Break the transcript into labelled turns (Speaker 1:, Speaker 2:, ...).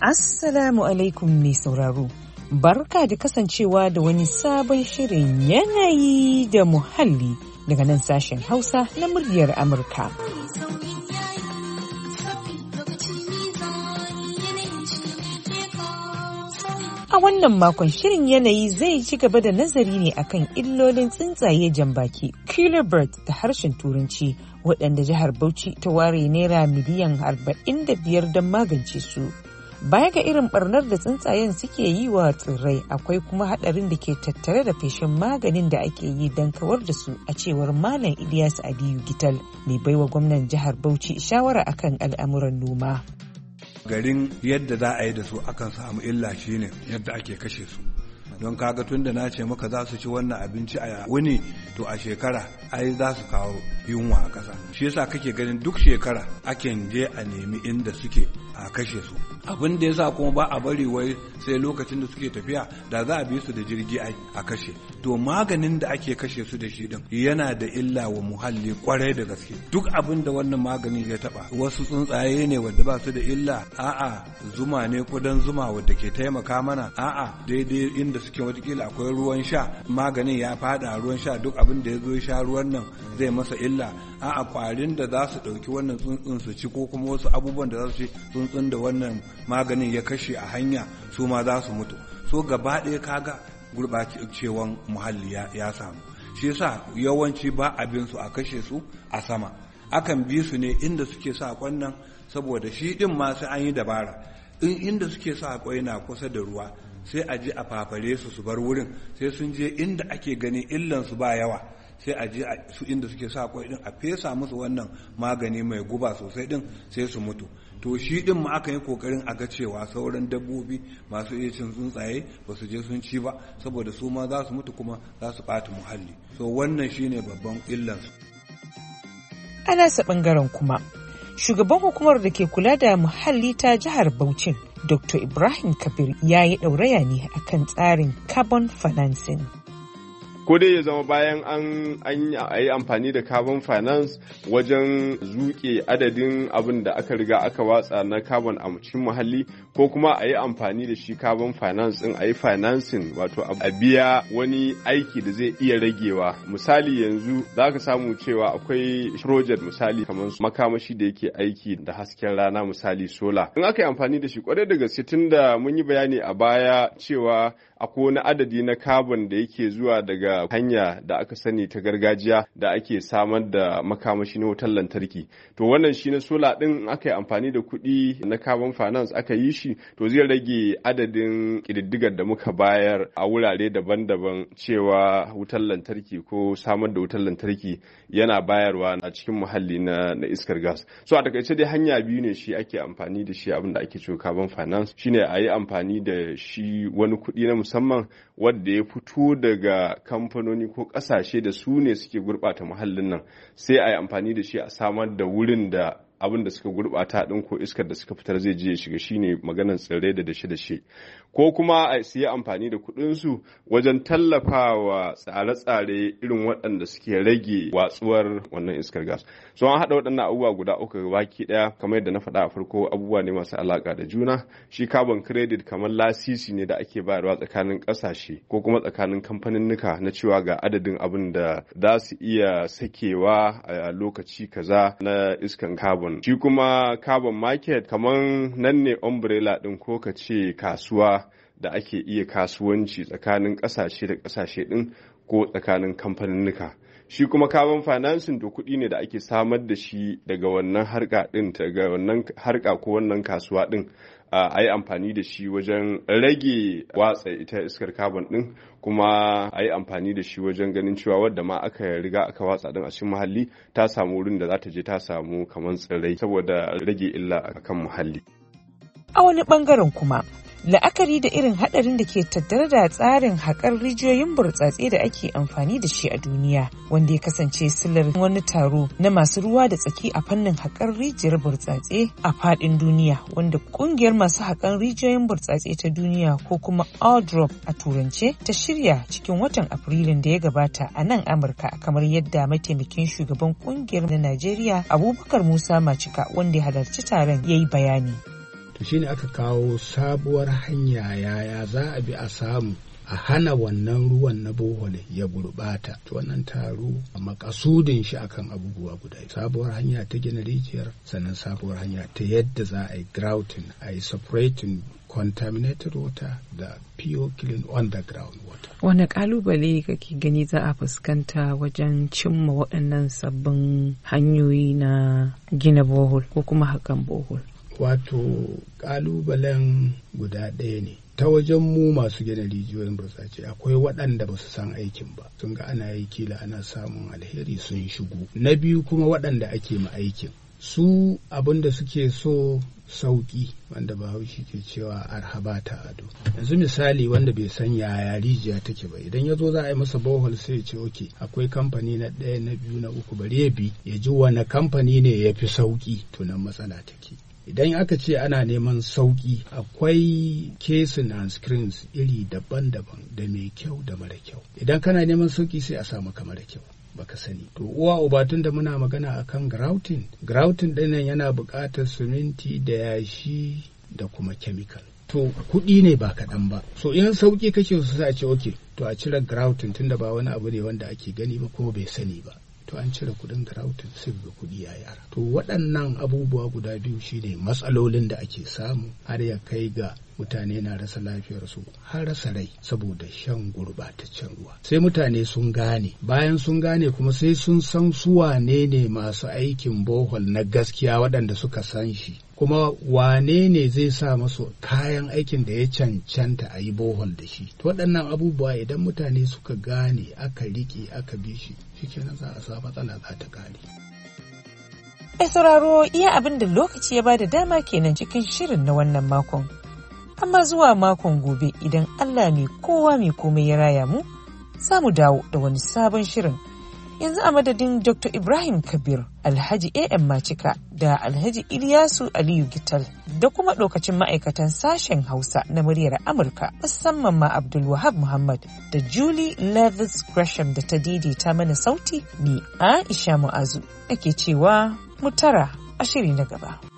Speaker 1: Assalamu alaikum mai sauraro. Barka da kasancewa da wani sabon shirin yanayi da muhalli daga nan sashen Hausa na muryar Amurka. A wannan makon shirin yanayi zai ci gaba da nazari ne akan illolin tsuntsaye jambaki, killer bird da harshen turanci waɗanda jihar Bauchi ta ware naira miliyan 45 don magance su. Baya ga irin barnar da tsuntsayen suke yi wa tsirrai akwai kuma hadarin da ke tattare da feshin maganin da ake yi don kawar da su a cewar Malam Ilyas Aliyu Gital mai baiwa gwamnan jihar Bauchi shawara akan al'amuran noma.
Speaker 2: Garin yadda za a yi da su akan samu illa shine yadda ake kashe su. don kaga tun da na ce maka za su ci wannan abinci a wuni to a shekara ai za su kawo yunwa a ƙasa shi yasa kake ganin duk shekara ake je a nemi inda suke a kashe su abin da ya sa kuma ba a bari wai sai lokacin da suke tafiya da za a bi su da jirgi a kashe to maganin da ake kashe su da shi din yana da illa wa muhalli kwarai da gaske duk abin da wannan maganin ya taba wasu tsuntsaye ne wanda ba su da illa a'a zuma ne kudan zuma wanda ke taimaka mana a'a daidai inda suke watakila akwai ruwan sha maganin ya fada ruwan sha duk abin da ya zo sha ruwan nan zai masa illa a'a kwarin da za su ɗauki wannan tsuntsun su ci ko kuma wasu abubuwan da za su ci tsuntsun da wannan maganin ya kashe a hanya su ma za su mutu so gaba ɗaya kaga gurɓacewan muhalli ya samu shi yasa yawanci ba abin su a kashe su a sama akan bi su ne inda suke sa kwannan saboda shi ɗin ma sai an yi dabara in inda suke sa kwai na kusa da ruwa sai a je a fafare su su bar wurin sai sun je inda ake gani illan su ba yawa sai a je su inda suke sa kwai din a fesa musu wannan magani mai guba sosai din sai su mutu to shi din ma aka yi kokarin a ga cewa sauran dabbobi masu iya cin tsuntsaye ba su je sun ci ba saboda su ma za su mutu kuma za su ɓata muhalli so wannan shine babban illansu
Speaker 1: Ana nasa bangaren kuma shugaban hukumar da ke kula da muhalli ta jihar Bauchin, Dr. Ibrahim Kabir ya yi ɗauraya ne akan tsarin carbon financing.
Speaker 3: ko dai ya zama bayan an yi amfani da carbon finance wajen zuke adadin abin da aka riga aka watsa na carbon a cikin muhalli ko kuma a yi amfani da shi carbon finance din a yi financing wato a biya wani aiki da zai iya ragewa misali yanzu za ka samu cewa akwai project misali kamar makamashi da yake aiki da hasken rana misali solar in aka yi amfani da shi kwarai daga gaske tun da mun yi bayani a baya cewa akwai wani adadi na carbon da yake zuwa daga daga hanya da aka sani ta gargajiya da ake samar da makamashi na wutar lantarki to wannan shi na sola din aka yi amfani da kuɗi na carbon finance aka yi shi to zai rage adadin ƙididdigar da muka bayar a wurare daban-daban cewa wutar lantarki ko samar da wutar lantarki yana bayarwa a cikin muhalli na, iskar gas so a takaice dai hanya biyu ne shi ake amfani da shi abin da ake cewa carbon finance shine a yi amfani da shi wani kuɗi na musamman wanda ya fito daga kamfanin kamfanoni ko kasashe da su ne suke gurɓata muhallin nan sai a yi amfani da shi a samar da wurin da abin da suka gurbata din ko iskar da suka fitar zai je ya shiga shine maganar tsirrai da dashe-dashe ko kuma a su yi amfani da kuɗin su wajen tallafawa tsare-tsare irin waɗanda suke rage watsuwar wannan iskar gas so an haɗa waɗannan abubuwa guda uku baki ɗaya kamar yadda na faɗa a farko abubuwa ne masu alaƙa da juna shi carbon credit kamar lasisi ne da ake bayarwa tsakanin ƙasashe ko kuma tsakanin kamfaninnika na cewa ga adadin abin da za su iya sakewa a lokaci kaza na iskan carbon shi kuma carbon market kamar nan ne umbrella ɗin ko ka ce kasuwa da ake iya kasuwanci tsakanin ƙasashe da ƙasashe ɗin ko tsakanin kamfaninnika shi kuma carbon financing to kuɗi ne da ake samar da shi daga wannan harka ɗin daga wannan harka ko wannan kasuwa ɗin a yi amfani da shi wajen rage watsa ita iskar carbon ɗin kuma a yi amfani da shi wajen ganin cewa wadda ma aka riga aka watsa ɗin a cikin muhalli ta samu wurin da za ta je ta samu kamar tsirrai saboda rage illa akan muhalli
Speaker 1: a wani bangaren kuma la'akari da irin hadarin da ke tattare da tsarin haƙar rijiyoyin burtsatse da ake amfani da shi a duniya wanda ya kasance silar wani taro na masu ruwa da tsaki a fannin haƙar rijiyar burtsatse a faɗin duniya wanda ƙungiyar masu haƙar rijiyoyin burtsatse ta duniya ko kuma Aldrop a turance ta shirya cikin watan Afrilun da ya gabata a nan Amurka kamar yadda mataimakin shugaban ƙungiyar na Najeriya Abubakar Musa Macika wanda ya halarci taron ya yi bayani. to shine aka
Speaker 4: kawo sabuwar hanya yaya za a bi a samu a hana wannan ruwan na bohol ya gurbata wannan taro a makasudin shi akan abubuwa guda sabuwar hanya ta gina rijiyar sannan sabuwar hanya ta yadda za a yi grouting a yi separating contaminated water da pure clean underground
Speaker 1: water wani kalubale kake gani za a fuskanta wajen cimma waɗannan sabbin hanyoyi na gina bohol ko kuma hakan bohol wato
Speaker 4: ƙalubalen guda ɗaya ne ta wajen mu masu gina rijiyoyin burtsace akwai waɗanda ba su san aikin ba sun ga ana yi kila ana samun alheri sun shigo na biyu kuma waɗanda ake ma aikin su abin da suke so sauƙi wanda bahaushe ke cewa arhaba ta ado yanzu misali wanda bai san yaya rijiya take ba idan ya zo za a yi masa bohol sai ya ce oke akwai kamfani na ɗaya na biyu na uku bari ya bi ya ji wani kamfani ne ya fi sauƙi tunan matsala take idan aka ce ana neman sauƙi akwai kesin and screens iri daban-daban da mai kyau da mara kyau idan kana neman sauƙi sai a samu kamar kyau baka sani to uwa tun da muna magana akan grouting grouting dinnan yana buƙatar siminti da yashi da kuma chemical to kuɗi ne ba kaɗan ba so in sauƙi kake so sai a ce okay to a cire grouting tunda ba wani abu ne wanda ake gani ba ko bai sani ba to an cire kuɗin garautin sai ga kuɗi ya yara to waɗannan abubuwa guda biyu shine matsalolin da ake samu har ya kai ga mutane na rasa lafiyarsu har rasa rai saboda shan gurbataccen ruwa sai mutane sun gane bayan sun gane kuma sai sun san su wane ne masu aikin bohol na gaskiya waɗanda suka san shi kuma wane ne zai sa masu kayan aikin da ya cancanta a yi bohol da shi waɗannan abubuwa idan mutane suka gane aka riƙe aka bi shi shikenan za a sa matsala za ta kare.
Speaker 1: Mai sauraro iya abin da lokaci ya ba da dama kenan cikin shirin na wannan makon. amma zuwa makon gobe idan Allah mai kowa mai komai ya raya mu za mu dawo da wani sabon shirin. Yanzu a madadin Dr. Ibrahim Kabir, Alhaji A.M. Macika da Alhaji Ilyasu Aliyu Gital da kuma ɗokacin ma'aikatan sashen Hausa na muryar Amurka musamman ma Abdulwahab Muhammad da Julie Levis Gresham da ta daidaita mana sauti ni Aisha Mu'azu ake cewa mutara a shiri na gaba.